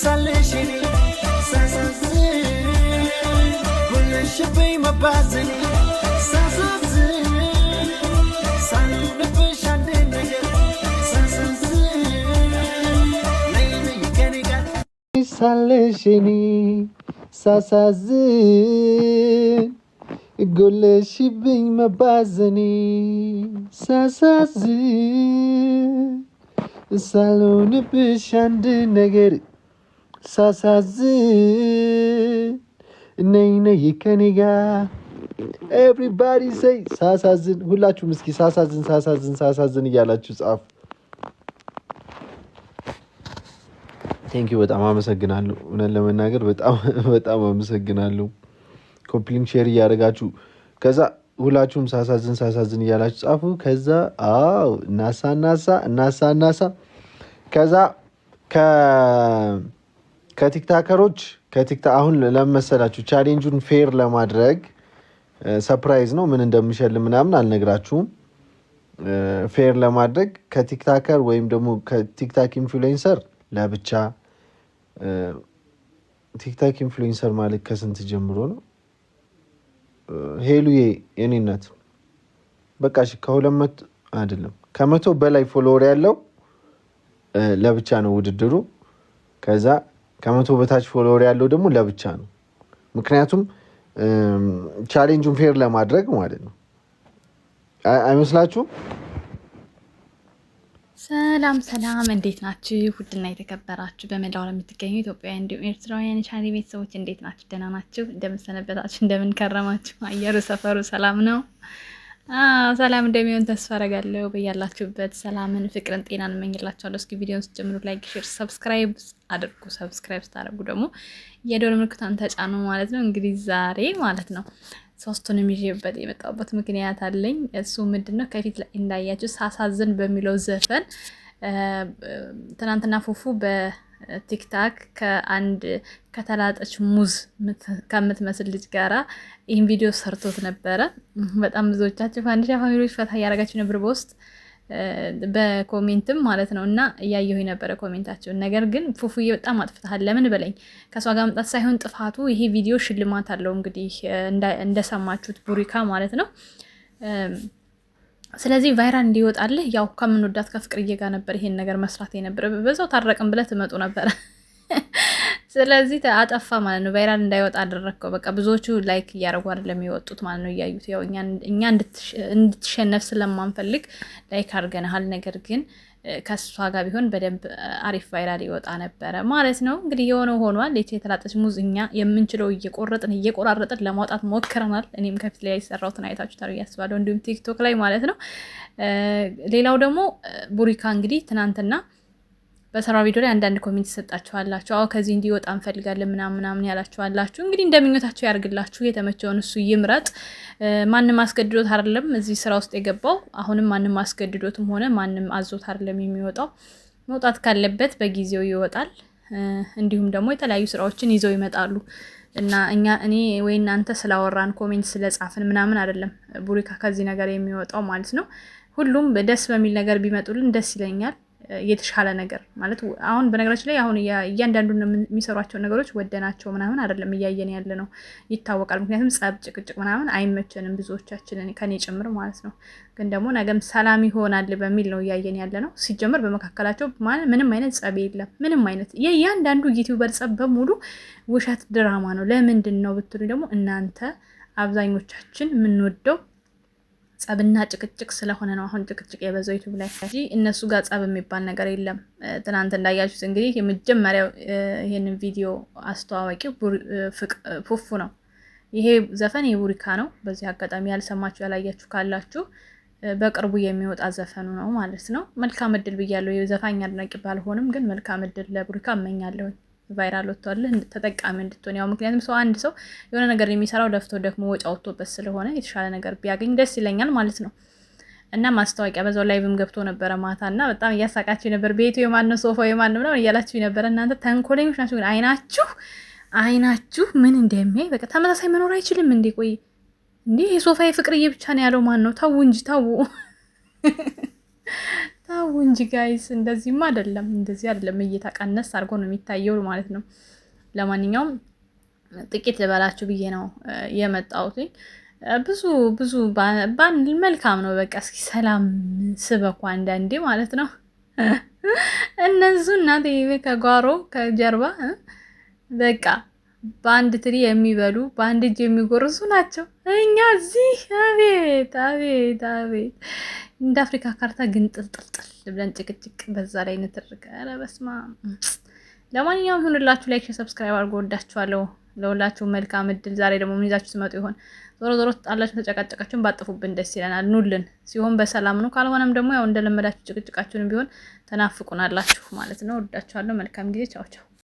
ሳልሽኝ ሳሳዝን ሁልሽብኝ መባዝን ሳሳዝን አንድ ነገር ሳሳዝን ነይነይ ከኔ ጋር ሳልሽኝ ሳሳዝን ጎለሽብኝ መባዘኔ ሳሳዝን ሳልሆንብሽ አንድ ነገር ሳሳዝን ነይ ነይ ከኔ ጋር ኤቭሪባዲ ሰይ ሳሳዝን። ሁላችሁም እስኪ ሳሳዝን ሳሳዝን ሳሳዝን እያላችሁ ጻፉ። ቴንኪ በጣም አመሰግናለሁ። እውነት ለመናገር በጣም በጣም አመሰግናለሁ። ኮፒሊንግ ሼር እያደረጋችሁ ከዛ ሁላችሁም ሳሳዝን ሳሳዝን እያላችሁ ጻፉ። ከዛ እናሳ እናሳ እናሳ እናሳ ከዛ ከ ከቲክታከሮች ከቲክታ አሁን ለመሰላችሁ ቻሌንጁን ፌር ለማድረግ ሰፕራይዝ ነው። ምን እንደምሸልም ምናምን አልነግራችሁም። ፌር ለማድረግ ከቲክታከር ወይም ደግሞ ከቲክታክ ኢንፍሉዌንሰር ለብቻ ቲክታክ ኢንፍሉዌንሰር ማለት ከስንት ጀምሮ ነው? ሄሉዬ የኔነት በቃ ከሁለት መቶ አይደለም ከመቶ በላይ ፎሎወር ያለው ለብቻ ነው ውድድሩ ከዛ ከመቶ በታች ፎሎወር ያለው ደግሞ ለብቻ ነው። ምክንያቱም ቻሌንጁን ፌር ለማድረግ ማለት ነው። አይመስላችሁም? ሰላም ሰላም፣ እንዴት ናችሁ? ውድና የተከበራችሁ በመላው ዓለም የምትገኙ ኢትዮጵያውያን እንዲሁም ኤርትራውያን የቻኔ ቤተሰቦች እንዴት ናችሁ? ደህና ናችሁ? እንደምንሰነበታችሁ? እንደምንከረማችሁ? አየሩ ሰፈሩ ሰላም ነው? ሰላም እንደሚሆን ተስፋ አደርጋለሁ። በያላችሁበት ሰላምን፣ ፍቅርን፣ ጤናን እመኝላችኋለሁ። እስኪ ቪዲዮን ስትጀምሩ ላይክ፣ ሼር፣ ሰብስክራይብ አድርጉ። ሰብስክራይብ ስታደርጉ ደግሞ የደወል ምልክቷን ተጫኑ ማለት ነው። እንግዲህ ዛሬ ማለት ነው ሶስቱንም ይዤበት የመጣሁበት ምክንያት አለኝ። እሱ ምንድን ነው? ከፊት ላይ እንዳያችሁ ሳሳዝን በሚለው ዘፈን ትናንትና ፉፉ በ ቲክታክ ከአንድ ከተላጠች ሙዝ ከምትመስል ልጅ ጋራ ይህን ቪዲዮ ሰርቶት ነበረ። በጣም ብዙዎቻችሁ ፋንዲሻ ፋሚሊዎች ፈታ እያደረጋችሁ ነበር በውስጥ በኮሜንትም ማለት ነው እና እያየሁ የነበረ ኮሜንታቸውን። ነገር ግን ፉፉዬ በጣም አጥፍተሃል፣ ለምን በለኝ። ከእሷ ጋር መምጣት ሳይሆን ጥፋቱ ይሄ ቪዲዮ ሽልማት አለው እንግዲህ እንደሰማችሁት ቡሪካ ማለት ነው ስለዚህ ቫይራል እንዲወጣልህ ያው ከምንወዳት ከፍቅርዬ ጋር ነበር ይሄን ነገር መስራት የነበረ። በዛው ታረቅም ብለህ ትመጡ ነበረ። ስለዚህ አጠፋ ማለት ነው። ቫይራል እንዳይወጣ አደረግከው። በቃ ብዙዎቹ ላይክ እያደረጉ አይደለም ማለት ነው፣ እያዩት። ያው እኛ እንድትሸነፍ ስለማንፈልግ ላይክ አድርገንሃል። ነገር ግን ከእሷ ጋር ቢሆን በደንብ አሪፍ ቫይራል ይወጣ ነበረ ማለት ነው። እንግዲህ የሆነው ሆኗል። ይቺ የተላጠች ሙዝ እኛ የምንችለው እየቆረጥን እየቆራረጥን ለማውጣት ሞክረናል። እኔም ከፊት ላይ የሰራሁትን አይታችሁታል እያስባለሁ፣ እንዲሁም ቲክቶክ ላይ ማለት ነው። ሌላው ደግሞ ቡሪካ እንግዲህ ትናንትና በሰራ ቪዲዮ ላይ አንዳንድ ኮሜንት ይሰጣችኋላችሁ። አዎ ከዚህ እንዲወጣ እንፈልጋለን ምናምን ምናምን ያላችኋላችሁ። እንግዲህ እንደምኞታችሁ ያርግላችሁ። የተመቸውን እሱ ይምረጥ። ማንም አስገድዶት አይደለም እዚህ ስራ ውስጥ የገባው። አሁንም ማንም አስገድዶትም ሆነ ማንም አዞት አይደለም የሚወጣው። መውጣት ካለበት በጊዜው ይወጣል። እንዲሁም ደግሞ የተለያዩ ስራዎችን ይዘው ይመጣሉ እና እኛ እኔ ወይ እናንተ ስላወራን ኮሜንት ስለጻፍን ምናምን አይደለም ቡሪካ ከዚህ ነገር የሚወጣው ማለት ነው። ሁሉም ደስ በሚል ነገር ቢመጡልን ደስ ይለኛል። የተሻለ ነገር ማለት አሁን በነገራችን ላይ አሁን እያንዳንዱን የሚሰሯቸውን ነገሮች ወደናቸው ምናምን አይደለም እያየን ያለ ነው ይታወቃል። ምክንያቱም ጸብ፣ ጭቅጭቅ ምናምን አይመቸንም ብዙዎቻችንን ከኔ ጭምር ማለት ነው። ግን ደግሞ ነገም ሰላም ይሆናል በሚል ነው እያየን ያለ ነው። ሲጀምር በመካከላቸው ምንም አይነት ጸብ የለም። ምንም አይነት የእያንዳንዱ ዩቲዩበር ጸብ በሙሉ ውሸት ድራማ ነው። ለምንድን ነው ብትሉ ደግሞ እናንተ አብዛኞቻችን የምንወደው ጸብና ጭቅጭቅ ስለሆነ ነው። አሁን ጭቅጭቅ የበዛው ዩቱብ ላይ እንጂ እነሱ ጋር ጸብ የሚባል ነገር የለም። ትናንት እንዳያችሁት እንግዲህ የመጀመሪያው ይህንን ቪዲዮ አስተዋዋቂው ፉፉ ነው። ይሄ ዘፈን የቡሪካ ነው። በዚህ አጋጣሚ ያልሰማችሁ ያላያችሁ ካላችሁ በቅርቡ የሚወጣ ዘፈኑ ነው ማለት ነው። መልካም እድል ብያለሁ። የዘፋኝ አድናቂ ባልሆንም ግን መልካም እድል ለቡሪካ እመኛለሁኝ። ቫይራል ወጥቷልህ ተጠቃሚ እንድትሆን ያው ምክንያቱም ሰው አንድ ሰው የሆነ ነገር የሚሰራው ለፍቶ ደግሞ ወጪ አውጥቶበት ስለሆነ የተሻለ ነገር ቢያገኝ ደስ ይለኛል ማለት ነው። እና ማስታወቂያ በዛው ላይቭም ገብቶ ነበረ ማታ እና በጣም እያሳቃችሁ ነበር። ቤቱ የማን ነው ሶፋው የማን ነው እያላችሁ ነበረ። እናንተ ተንኮለኞች ናችሁ፣ ግን አይናችሁ አይናችሁ ምን እንደሚያይ በቃ ተመሳሳይ መኖር አይችልም እንዴ? ቆይ እንዲህ የሶፋ የፍቅርዬ ብቻ ነው ያለው ማን ነው? ታው እንጂ ታው ተው እንጂ ጋይስ፣ እንደዚህም አይደለም እንደዚህ አይደለም። እይታ ቀነስ አድርጎ ነው የሚታየው ማለት ነው። ለማንኛውም ጥቂት ልበላችሁ ብዬ ነው የመጣሁት። ብዙ ብዙ ባንድ መልካም ነው። በቃ እስኪ ሰላም ስበኩ አንዳንዴ ማለት ነው። እነሱ እናቴ ከጓሮ ከጀርባ በቃ በአንድ ትሪ የሚበሉ በአንድ እጅ የሚጎርሱ ናቸው። እኛ እዚህ አቤት አቤት አቤት እንደ አፍሪካ ካርታ ግን ጥልጥልጥል ብለን ጭቅጭቅ፣ በዛ ላይ ንትርክ። ኧረ በስመ አብ። ለማንኛውም ሁንላችሁ ላይክ፣ ሰብስክራይብ አድርጎ ወዳችኋለሁ። ለሁላችሁ መልካም እድል። ዛሬ ደግሞ ምን ይዛችሁ ትመጡ ይሆን? ዞሮ ዞሮ ጣላችሁ፣ ተጨቃጨቃችሁን ባጥፉብን ደስ ይለናል። ኑልን ሲሆን በሰላም ነው፣ ካልሆነም ደግሞ ያው እንደለመዳችሁ ጭቅጭቃችሁን ቢሆን ተናፍቁናላችሁ ማለት ነው። ወዳችኋለሁ። መልካም ጊዜ። ቻው ቻው